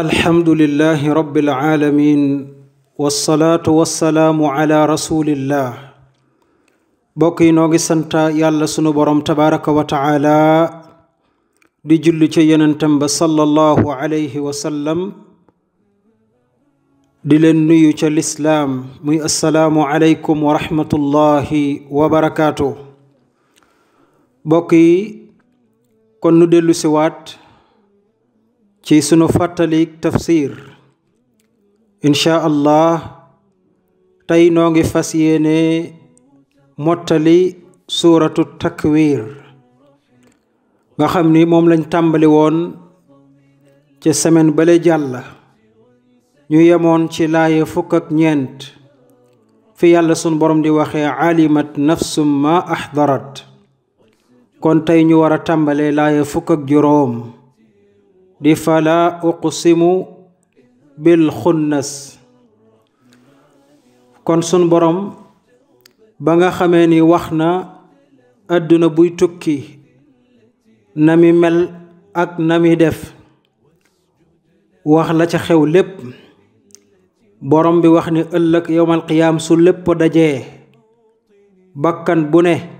alhamdulillahi rabbil aalamiin wassalaatu wassalaamu ala rasulillah bokk yi noo ngi yàlla sunu borom tabaraka wa di julli ci yonentam ba sallallahu alayhi wa di leen nuyu ca lislaam muy assalaamu aleykum wa rahmatullahi wa barakaatu dellu si waat ci sunu fàttalik tafsir incha allah tey noo ngi fas yéene mottali suuratu takwir nga xam ni moom lañ tàmbali woon ci semaine bale jàll ñu yemoon ci laaye fukk ak ñeent fi yàlla sun borom di waxee alimat nafsum ma ahdarat kon tey ñu war a tàmbalee laaye fukk ak juróom di fala uqsimu bil xunnas kon sun borom ba nga xamee ni wax na àdduna buy tukki na mi mel ak na mi def wax la ca xew lépp borom bi wax ni ëllëg yowmal qiyaam su lépp dajee bakkan bu ne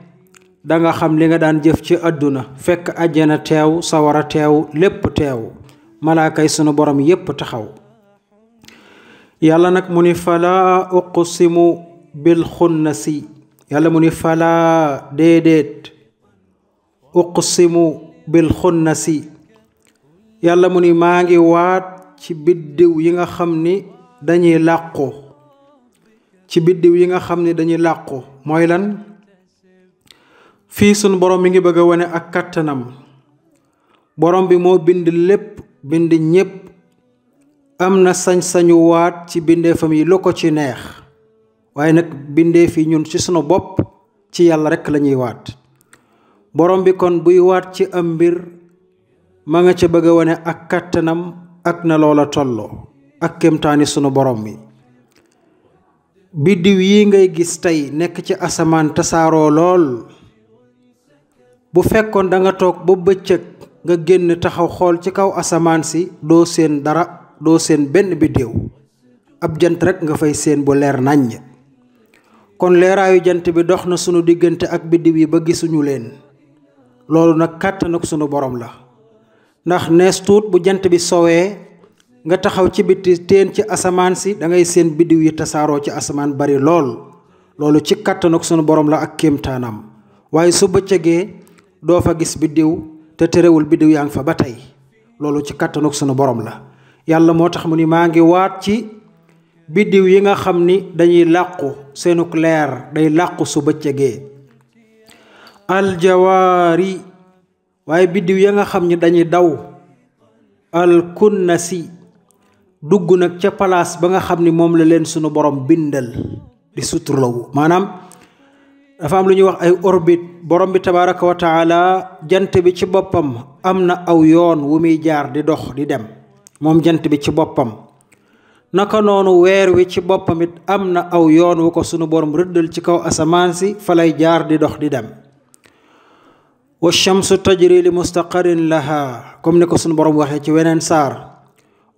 danga xam li nga daan jëf ci àdduna fekk àjjana teew sawara teew lépp teew malaakay sunu borom yépp taxaw yàlla nag mu ni falaa uqsimu bil xunnasi yàlla mu ni falaa déedéet bil xunnasi yàlla mu ni maa ngi waat ci biddiw yi nga xam ni dañuy làqu ci biddiw yi nga xam ni dañuy làqu mooy lan fii sunu borom mi ngi bëgg a wane ak kàttanam borom bi moo bind lépp bind ñépp am na sañ-sañu waat ci bindeefam yi lu ko ci neex waaye nag bindeef yi ñun ci sunu bopp ci yàlla rekk lañuy waat borom bi kon buy waat ci am mbir ma nga ca bëgg a wone ak kàttanam ak na loola tolloo ak kémtaani sunu borom mi biddiw yi ngay gis tey nekk ci asamaan tasaaroo lool bu fekkoon da nga toog bu bëccëg nga génn taxaw xool ci kaw asamaan si doo seen dara doo seen benn biddéew ab jant rekk nga fay seen bu leer nàññ kon leeraayu jant bi dox na sunu diggante ak biddiw yi ba gisuñu leen loolu nag kàttan ak sunu boroom la ndax nees tuut bu jant bi soowee nga taxaw ci biti teen ci asamaan si dangay ngay seen biddiw yi tasaaroo ci asamaan bari lool loolu ci kàttan ak sunu borom la ak kéemtaanam waaye su bëccëgee doo fa gis biddiw te terewul biddiw yaa ngi fa ba tey loolu ci kàttanug sunu borom la yàlla moo tax mu ni maa ngi waat ci biddiw yi nga xam ni dañuy làqu seenu leer day làqu su bëccëgee aljawaari waaye biddiw ya nga xam ni dañuy daw alkunnasi dugg nag ca palaas ba nga xam ni moom la leen sunu borom bindal di suturlawu maanaam dafa am lu ñuy wax ay orbite borom bi tabaraka jant bi ci boppam am na aw yoon wu muy jaar di dox di dem moom jant bi ci boppam naka noonu weer wi ci boppam it am na aw yoon wu ko sunu borom rëddal ci kaw asamaan si fa lay jaar di dox di dem wa shamsu tajri li mustaqarin laha comme ni ko sunu borom waxee ci weneen saar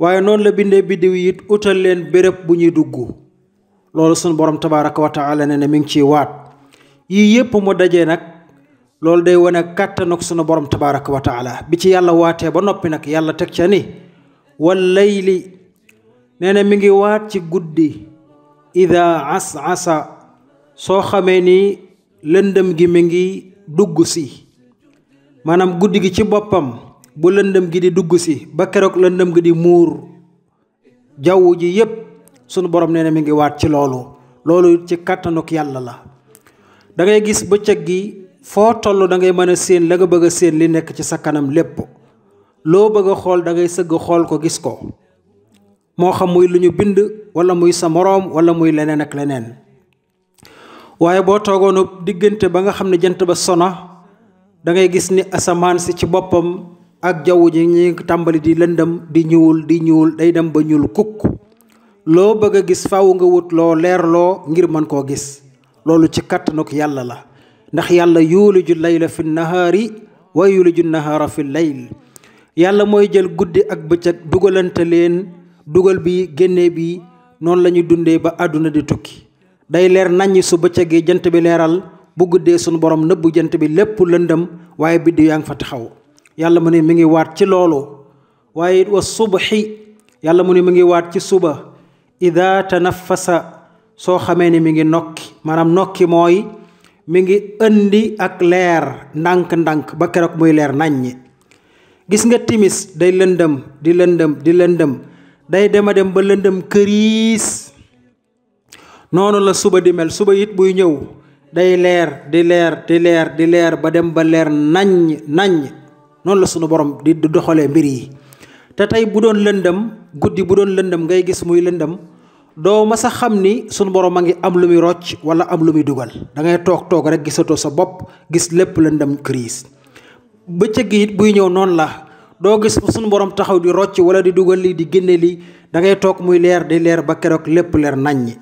waaye noonu la bindee biddiw yi it utal leen béréb bu ñuy dugg loolu sunu borom tabaraka wa taala ne ne mi ngi ciy waat yii yépp mu dajee nag loolu day wane kàttanug sunu borom tabaraka wa taala bi ci yàlla waatee ba noppi nag yàlla teg ca ni wal layli nee na mi ngi waat ci guddi ida as-asa soo xamee ni lëndëm gi mi ngi dugg si maanaam guddi gi ci boppam bu lëndëm gi di dugg si ba keroog lëndëm gi di muur jaww ji yépp sunu borom nee na mi ngi waat ci loolu loolu ci kàttanuk yàlla la da ngay gis bëccëg gi foo toll da ngay mën a séen la nga bëgg a séen li nekk ci sa kanam lépp loo bëgg xool dangay sëgg xool ko gis ko moo xam muy lu ñu bind wala muy sa moroom wala muy leneen ak leneen waaye boo toogoonu diggante ba nga xam ne jant ba sona dangay gis ni asamaan si ci boppam ak jaww ji ñi tàmbali di lëndam di ñuul di ñuul day dem ba ñuul kukk loo bëgg a gis faaw nga wut loo leerloo ngir mën koo gis loolu ci kàttanuk yàlla la ndax yàlla yuuliju layla fi nahaari wa ju nahaara fi layl yàlla mooy jël guddi ak bëccëg dugalante leen dugal bi génne bi noonu la ñuy dundee ba àdduna di tukki day leer naññ su bëccëgee jant bi leeral bu guddee sunu borom nëbbu jant bi lépp lëndam waaye biddi yaa ngi fa taxaw yàlla mu ne mi ngi waat ci loolu waaye wa subhi yàlla mu ne mi ngi waat ci suba ida soo xamee ni mi ngi nokki maanaam nokki mooy mi ngi indi ak leer ndànk-ndànk ba keroog muy leer naññi gis nga timis day lëndëm di lëndëm di lëndëm day dema dem ba lëndëm këriis noonu la suba di mel suba it buy ñëw day leer di leer di leer di leer ba dem ba leer naññ naññ noonu la sunu borom di doxalee mbir yi te tey bu doon lëndëm guddi bu doon lëndëm ngay gis muy lëndëm doo ma a xam ni sunu borom a ngi am lu muy rocc wala am lu muy dugal da ngay toog toog rek gisatoo sa bopp gis lépp lëndëm crise bëccëg gi buy ñëw noonu la doo gis sunu borom taxaw di rocc wala di dugal lii di génne lii da ngay toog muy leer di leer ba keroog lépp leer naññi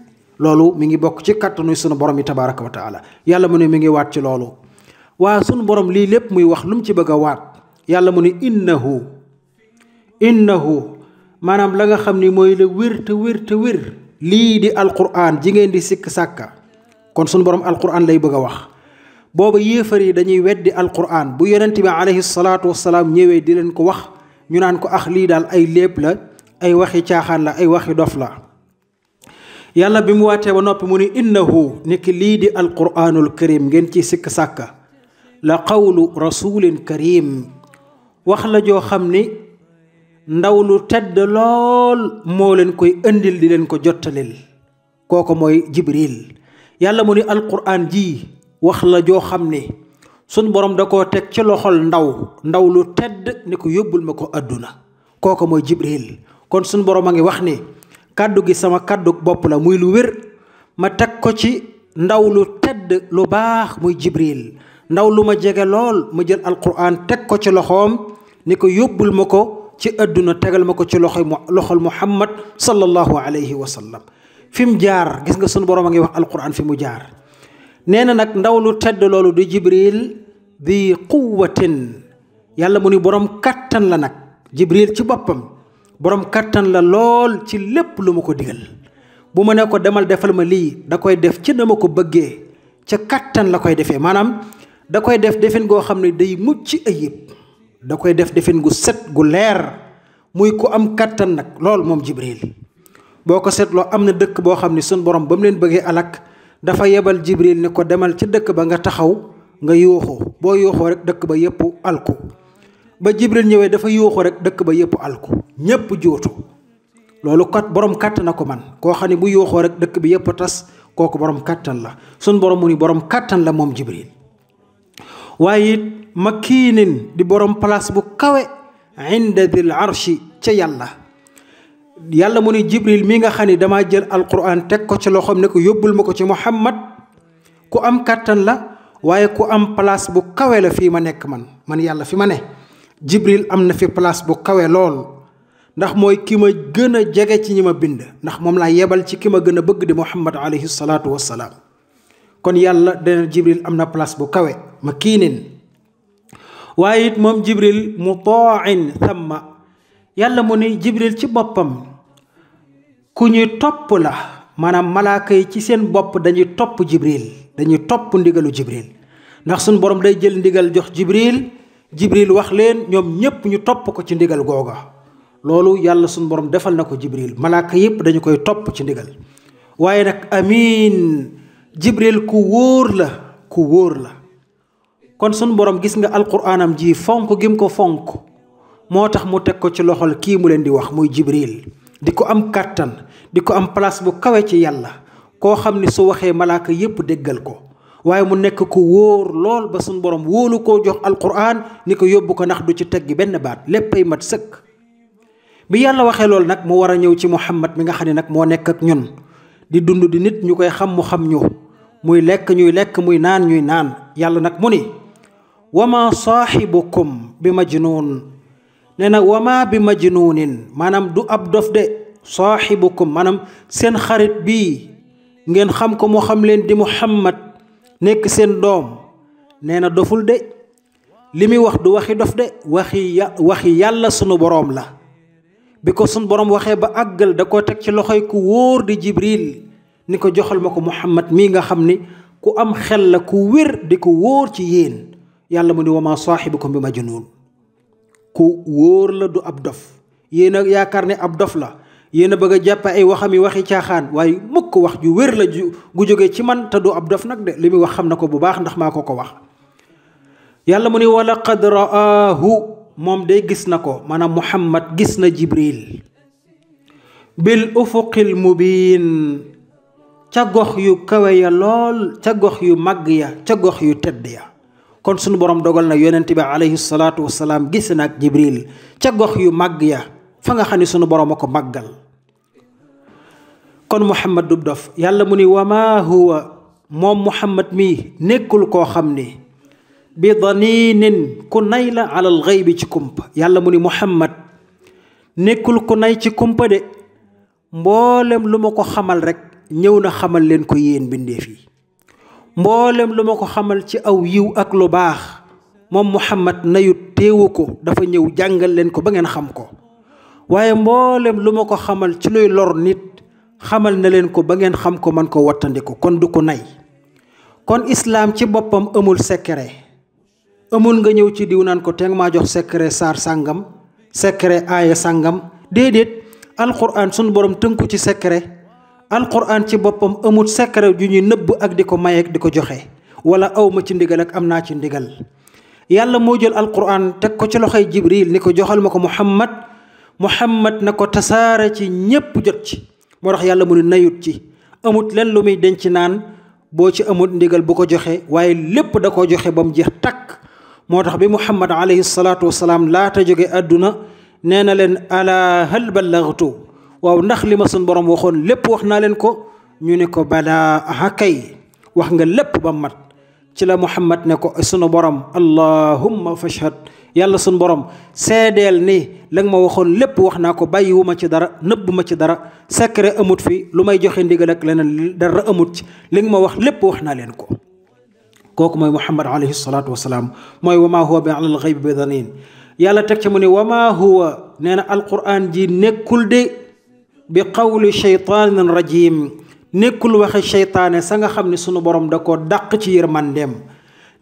loolu mu ngi bokk ci kàttanu sunu borom yi tabaaraka wa yàlla mu ne mi ngi waat ci loolu waa sunu borom lii lépp muy wax lu mu ci bëgg a waat yàlla mu ne innahu innahu maanaam la nga xam ni mooy wér te wér lii di alquran ji ngeen di sikk sàkka kon sunu borom alquran lay bëgg a wax booba yéefar yi dañuy weddi alquran bu yonent bi alayhi salaatu wasalaam ñëwee di leen ko wax ñu naan ko ax ah, lii daal ay léeb la ay waxi caaxaan la ay waxi dof la yàlla bi mu waatee ba noppi mu ni innahu ni lii di alquranul karim ngeen ci sikk sàkka la qawlu rasulin karim wax la joo xam ni ndaw lu tedd lool moo leen koy indil di leen ko jottalil kooko mooy jibril yàlla mu ni alquran ji wax la joo xam ne suñ borom da koo teg ci loxol ndaw ndaw lu tedd ni ko yóbbul ma ko àdduna kooko mooy jibril kon suñ borom a ngi wax ni kàddu gi sama kàddu bopp la muy lu wér ma teg ko ci ndaw lu tedd lu baax muy jibril ndaw lu ma jege lool ma jël alquran teg ko ci loxoom ni ko yóbbul ma ko ci àdduna tegal ma ko ci loxoy loxol muhammad sallallahu alayhi wa sallam fi mu jaar gis nga sunu borom a ngi wax alquran fi mu jaar nee na nag ndaw lu tedd loolu di jibril di quwatin yàlla mu ni borom kattan la nag jibril ci boppam borom kattan la lool ci lépp lu ma ko digal bu ma ne ko demal defal ma lii da koy def ci na ma ko bëggee ca kattan la koy defee maanaam da koy def defin goo xam ne day mucc ayib da koy def defin gu set gu leer muy ku am kàttan nag loolu moom jibril boo ko seetloo am na dëkk boo xam ne suñ borom ba mu leen bëggee alak dafa yebal jibril ne ko demal ca dëkk ba nga taxaw nga yuuxu boo yuuxoo rek dëkk ba yépp alku ba jibril ñëwee dafa yuuxu rek dëkk ba yëpp alku ñépp jootu loolu kat borom kàttan na ko man koo xam ne bu yuuxoo rek dëkk bi yëpp tas kooku borom kàttan la sun borom mu ni borom kàttan la moom jibril waaye it makiinin di borom place bu kawe inda dil arshi ca yàlla yàlla mu ni jibril mi nga xam ni damaa jël alquran teg ko ci loxoom ne ko yóbbul ma ko ci muhammad ku am kàttan la waaye ku am place bu kawe la fii ma nekk man man yàlla fi ma ne jibril am na fi place bu kawe lool ndax mooy ki ma gën a jege ci ñi ma bind ndax moom laa yebal ci ki ma gën a bëgg di muhammad alayhi salaatu wassalaam kon yàlla dana jibril am na place bu kawe ma kiinin waaye it moom jibril mutiin thamma yàlla mu ni jibril ci boppam ku ñuy topp la maanaam malaaka yi ci seen bopp dañuy topp jibril dañuy topp ndigalu jibril ndax suñu borom day jël ndigal jox jibril jibril wax leen ñoom ñépp ñu topp ko ci ndigal googa loolu yàlla suñu borom defal na ko jibril malaaka yépp dañu koy topp ci ndigal waaye nag amiin jibril ku wóor la ku wóor la kon suñu borom gis nga alquraanam ji fonk gim ko fonk moo tax mu teg ko ci loxol kii mu leen di wax muy jibril di ko am kàttan di ko am place bu kawe ci yàlla koo xam ni su waxee malaaka yépp déggal ko waaye mu nekk ko wóor lool ba sunu borom wóolu koo jox alquraan ni ko yóbbu ko ndax du ci teggi benn baat lépp ay mat sëkk bi yàlla waxee loolu nag mu war a ñëw ci muhammad mi nga xam ne nag moo nekk ak ñun di dund di nit ñu koy xam mu xam ñu muy lekk ñuy lekk muy naan ñuy naan yàlla nag mu ni wama saaxibukum bi majnuun nee na wama bi majnuunin maanaam du ab dof de saaxibukum maanaam seen xarit bii ngeen xam ko moo xam leen di muhammad nekk seen doom nee na doful de li muy wax du waxi dof de waxi ya waxi yàlla sunu boroom la bi ko sunu borom waxee ba àggal da ko teg ci loxoy ku wóor di jibril ni ko joxal ma ko muhammad mii nga xam ni ku am xel la ku wér di ko wóor ci yéen yàlla mu ne wa maa saaxibukum bi majnuun ku wóor la du ab dof yéen a yaakaar ne ab dof la yéen a bëgg a jàpp ay waxam yi waxi caaxaan waaye mukk wax ju wér la ju gu jóge ci man te du ab dof nag de li muy wax xam na ko bu baax ndax ma ko ko wax yàlla mu ne wa laqad ra'aahu moom day gis na ko maanaam muhammad gis na jibril bil ufuqil mubiin ca gox yu kawe ya lool ca gox yu màgg ya ca gox yu tedd ya kon sunu borom dogal na yonent bi alayhi salaatu wasalaam gis na ak jibril ca gox yu màgg ya fa nga xam ne sunu borom a ko màggal kon muhammad dub dof yàlla mu ni wama huwa moom muhammad mi nekkul koo xam ni bi daninin ku nay la alal xëy bi ci kumpa yàlla mu ni muhammad nekkul ku nay ci kumpa de mboolem lu ma ko xamal rekk ñëw na xamal leen ko yéen bindeef yi mboolem lu ma ko xamal ci aw yiw ak lu baax moom Muhammad nayut téewu ko dafa ñëw jàngal leen ko ba ngeen xam ko waaye mboolem lu ma ko xamal ci luy lor nit xamal na leen ko ba ngeen xam ko man ko wattandiku kon du ko nay kon islaam ci boppam amul secret amul nga ñëw ci diw naan ko teng maa jox secret saar sàngam secret aaya sàngam déedéet alquran suñu borom tënku ci secret alquran ci boppam amul secret ju ñuy nëbb ak di ko mayeeg di ko joxe wala awma ci ndigal ak am naa ci ndigal yàlla moo jël alquran teg ko ci loxoy jibril ni ko joxal ma ko muhammad muhammad na ko tasaare ci ñépp jot ci moo tax yàlla mu ne nayut ci amut leen lu muy denc naan boo ci amut ndigal bu ko joxe waaye lépp da ko joxe ba mu jeex takk moo tax bi muhammad alayhi salaatu wasalaam laata joge àdduna nee na leen ala hal ballaghtu waaw ndax li ma sun borom waxoon lépp wax naa leen ko ñu ne ko balaa aha wax nga lépp ba mat ci la muhammad ne ko sunu borom allahumma fashhad yàlla sunu borom seedeel ni la ma waxoon lépp wax naa ko bàyyiwu ci dara nëbb ma ci dara secret amut fi lu may joxe ndigal ak leneen dara amut ci li ma wax lépp wax naa leen ko kooku mooy muhammad alayhi salaatu wasalaam mooy wa maa teg ca mu ne wa maa huwa nee na alquran ji nekkul de bi qawli sheytaanin rajim nekkul waxe seytaane sa nga xam ne sunu borom da ko dàq ci yërmandeem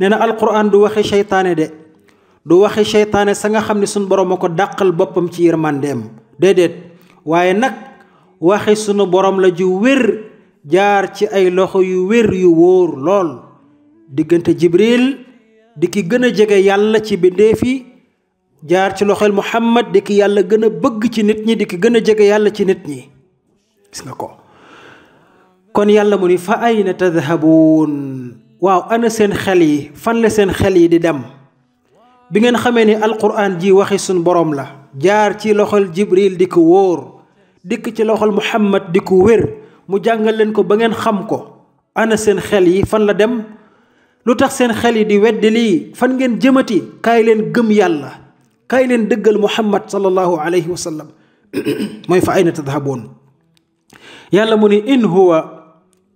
nee na alquran du waxe seytaane de du waxe seytaane sa nga xam ne sunu borom a ko dàqal boppam ci yërmandeem déedéet waaye nag waxe sunu borom la ju wér jaar ci ay loxo yu wér yu wóor lool diggante jibril di ki gën a jege yàlla ci bindéef yi jaar ci loxol Muhammad di ki yàlla gën a bëgg ci nit ñi di ki gën a jege yàlla ci nit ñi gis nga ko kon yàlla mu ni fa ayna tadhabuun waaw ana seen xel yi fan la seen xel yi di dem bi ngeen xamee ni alquran ji waxi suñ borom la jaar ci loxol jibril di ko wóor dikk ci loxol muhammad di ko wér mu jàngal leen ko ba ngeen xam ko ana seen xel yi fan la dem lu tax seen xel yi di weddi lii fan ngeen jëmati kaay leen gëm yàlla kaay leen dëggal muhammad sallallahu alayhi wa mooy fa ayna tadhaboon yàlla mu ni in huwa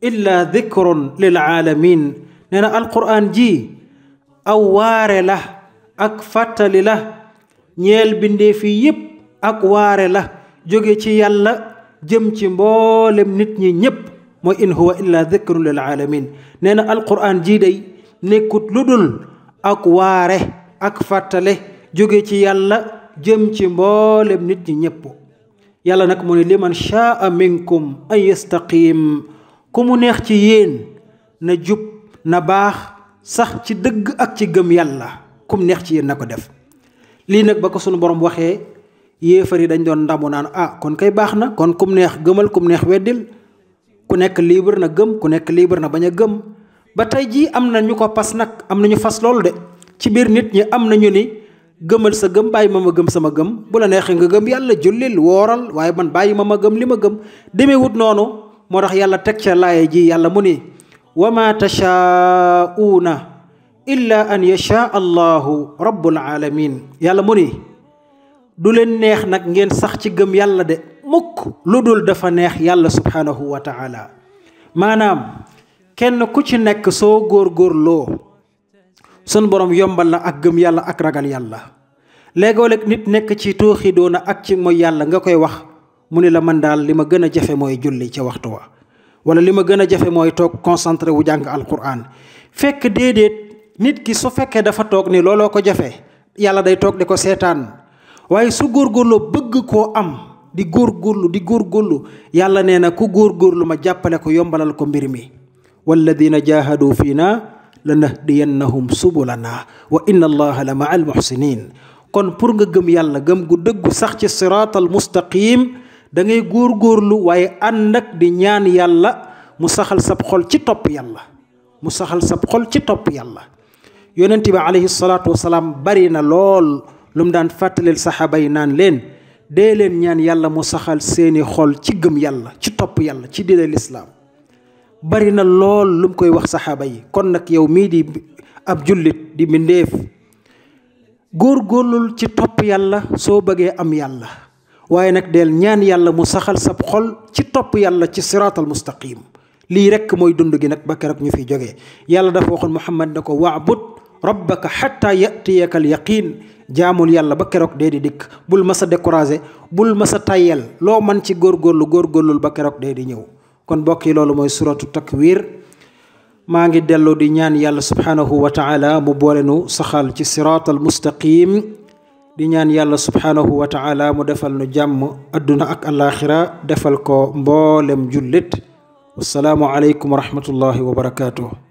illa dikrun lil aalamin nee na ji aw waare la ak fàttali la ñeel bindeef yi yépp ak waare la jóge ci yàlla jëm ci mboolem nit ñi ñépp mooy in huwa illa dikrun lil aalamin nee na ji day nekkut lu dul ak waare ak fàttale jóge ci yàlla jëm ci mboolem nit ñi ñépp yàlla nag mu ne liman shaa ay an yastaqim ku mu neex ci yéen na jub na baax sax ci dëgg ak ci gëm yàlla kum neex ci yéen na ko def lii nag ba ko suñu borom waxee yéefar yi dañ doon ndamu naan ah kon kay baax na kon kum neex gëmal kum neex weddil ku nekk libre na gëm ku nekk libre na bañ a gëm ba tey jii am na ñu ko pas nag am na ñu fas loolu de ci biir nit ñi am na ñu ni gëmal sa gëm bàyyi ma ma gëm sama gëm bu la neexee nga gëm yàlla jullil wooral waaye man bàyyi ma ma gëm li ma gëm demeewut noonu moo tax yàlla teg ca laaye ji yàlla mu ni wa ma tashaauna illa an yashaa allahu rabbul alamin yàlla mu ni du leen neex nag ngeen sax ci gëm yàlla de mukk lu dul dafa neex yàlla subhaanahu wa taala maanaam kenn ku ci nekk soo góor góorgóorloo sun borom yombal la ak gëm yàlla ak ragal yàlla léegoo-léeg nit nekk ci tooxi doona ak ci mooy yàlla nga koy wax mu ne la man daal li ma gën a jafe mooy julli ci waxtu wa wala li ma gën a jafe mooy toog concentré wu jàng alquran fekk déedéet nit ki su fekkee dafa toog ni looloo ko jafe yàlla day toog di ko seetaan waaye su góor góorgóorloo bëgg koo am di góor góorlu di góor góorgóorlu yàlla nee na ku góor góorgóorlu ma jàppale ko yombalal ko mbir mi walladina jahadu lanahdiyannahum subulana wa inna allaha la ma al muhsinin kon pour nga gëm yàlla gëm gu dëggu sax ci siraatal mustaqim da ngay góor-góorlu waaye ànd nag di ñaan yàlla mu saxal sab xol ci topp yàlla mu saxal sab xol ci topp yàlla yonent bi alayhi salaatu wasalaam bari na lool lu mu daan fàttalil saxaaba yi naan leen dee leen ñaan yàlla mu saxal seeni xol ci gëm yàlla ci topp yàlla ci dina lislaam bari na lool lu mu koy wax saxaaba yi kon nag yow mii di ab jullit di mbindéef góorgóorlul ci topp yàlla soo bëggee am yàlla waaye nag del ñaan yàlla mu saxal sab xol ci topp yàlla ci siraatal mustaqim lii rekk mooy dund gi nag ba keroog ñu fi jóge yàlla dafa waxoon muhammad ne ko waabud rabbaka xatta yatiyaka al yaqiin jaamul yàlla ba keroog dee di dikk bul ma sa découragé bul ma sa tayel loo man ci góor góor góorlul ba keroog dee di ñëw kon mbokk yi loolu mooy suratu takwir maa ngi delloo di ñaan yàlla subhaanahu wa taala mu boole nu saxal ci siraatal mustaqim di ñaan yàlla subhaanahu wa taala mu defal nu jàmm adduna ak alaaxira defal ko mboolem jullit wasalaamu aleykum wa rahmatullahi wa barakaatuh